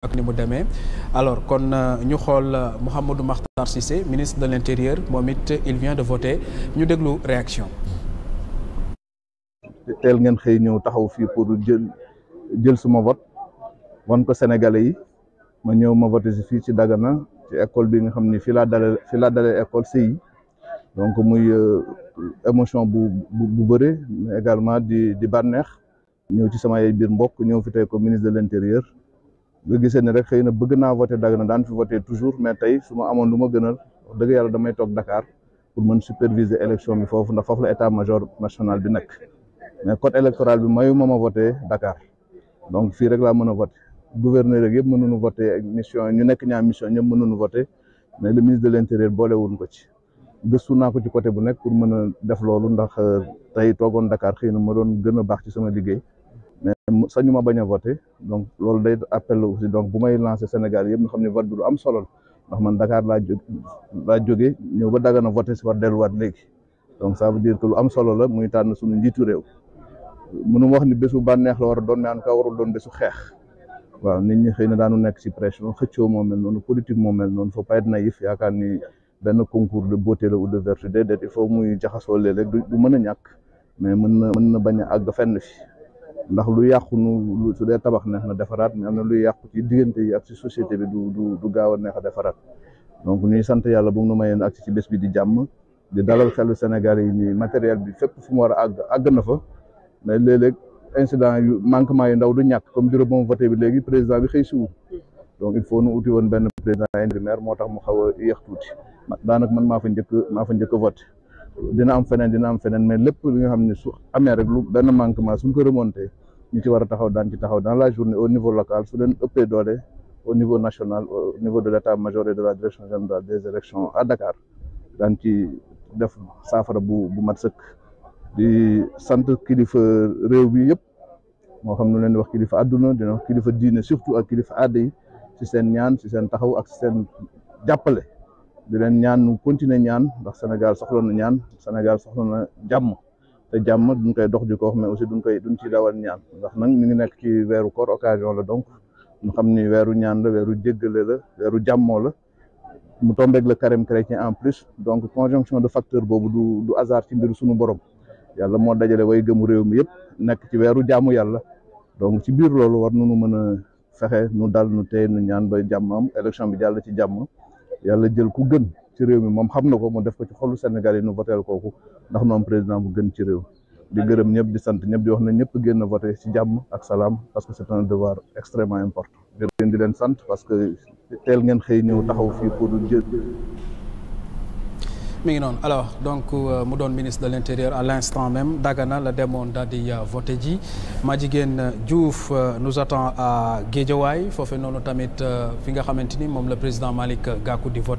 ak ni mu demee alors kon euh, ñu xool euh, Mouhamadou Makhtar Cissé ministre de l'intérieur moom it il de voter ñu déglu réaction teel ngeen xëy ñëw taxaw fii pour jël jël suma vote wan ko sénégalais yi ma ñëw ma voté si ci Dagana ci école bi nga xam ni fii laa dale fii laa dalee école CI donc muy euh, émotion bu bu bëre mais également di di bànneex ñëw ci sama ay biir mbokk ñëw fi tey ko ministre de l'intérieur nga gisee ne rek xëy na bëgg naa voté Dagana daan fi voté toujours mais tey su ma amoon lu ma gënal dëgg yàlla damay toog dakaar pour mën superviser élection bi foofu ndax foofu la état major national bi nekk mais code électoral bi mayu ma ma voté Dakar donc fii rek laa mën a voté gouverneur rek yëpp mënuñu voté ak mission ñu nekk ñaar mission ñëpp mënuñu voté mais le ministre de l' intérieur boolewuñ ko ci gëstu naa ko ci côté bu nekk pour mën a def loolu ndax euh, tey toogoon Dakar xëy na ma doon gën a baax ci sama liggéey. mais sañu ma bañ a voté donc loolu day appel aussi donc bu may lancé Sénégal yëpp ñu xam ne vote bi lu am solo ndax man Dakar laa jóg laa jóge ñëw ba Dagana voté si war delluwaat léegi donc ça veut dire lu am solo la muy tànn suñu njiitu réew mënu ma wax ni bésu bànneex la war doon mais en tout cas warul doon bésu xeex waaw nit ñi xëy na daanu nekk si pression xëccoo moo mel noonu politique moo mel noonu faut pas être naïf yaakaar ni benn concours de beauté la ou de vertu déedéet il faut muy jaxasoo léeg-léeg du mën a ñàkk mais mën na mën na bañ a àgg fenn ndax lu yàqu nu su dee tabax neex na defaraat mais am na lu yàqu ci diggante yi ak si société bi du du gaaw a neex a defaraat donc ñuy sant yàlla bu nu mayeen ak ci bés bi di jàmm di dalal xelu Sénégal yi nii matériel bi fépp fu mu war a àgg àgg na fa mais léeg-léeg yu manquement yu ndaw du ñàkk comme bureau ba mu voté bi léegi président bi xëy si wu donc il faut nu uti woon benn président intérimaire moo tax mu xaw a yéex tuuti daanaka man maa fa njëkk maa fa njëkk vote dina am feneen dina am feneen mais lépp li nga xam ne su amee rek lu benn manquement suñ ko remonté ñu ci war a taxaw daan ci taxaw dans la journée au niveau local su leen ëppee doole au niveau national au niveau de l'état-major et de la direction générale des élections à Dakar daan ci def saafara bu bu mat sëkk di sant kilifa réew bi yëpp moo xam nu leen di wax kilifa àdduna dina wax kilifa diine surtout ak kilifa aada yi ci seen ñaan ci seen taxaw ak ci seen jàppale di leen ñaan nu continuer ñaan ndax Sénégal soxla na ñaan Sénégal soxla na jàmm te jàmm duñ koy dox di ko wax mais aussi duñ koy duñ ci dawal ñaan ndax nag ñu ngi nekk ci weeru koor occasion la donc ñu xam ni weeru ñaan la weeru jéggale la weeru jàmmoo la mu tombeeg le carême chrétien en plus donc conjonction de facteur boobu du du hasard ci mbiru suñu borom yàlla moo dajale way gëmu réew mi yëpp nekk ci weeru jàmm yàlla donc ci biir loolu war nañu mën a fexe nu dal nu tey nu ñaan ba jàmm am bi jàll ci jàmm yàlla jël ku gën ci réew mi moom xam na ko mu def ko ci xolu Sénégal yi nu voteel kooku ndax nu président bu gën ci réew di gërëm ñëpp di sant ñëpp di wax na ñëpp génn voté si jàmm ak salaam parce que c'est un devoir extrêmement important. di leen di leen sant parce que teel ngeen xëy ñëw taxaw fii pour jël. mi ngi noonu alors donc euh, mu doon ministre de l' intérieur à l' instant même Dagana la demoon daal di euh, voté ji Madjiguène Diouf euh, nous attend à Guédiawaye foofu noonu tamit fi nga xamante ni moom la président Malick Gakou di voté.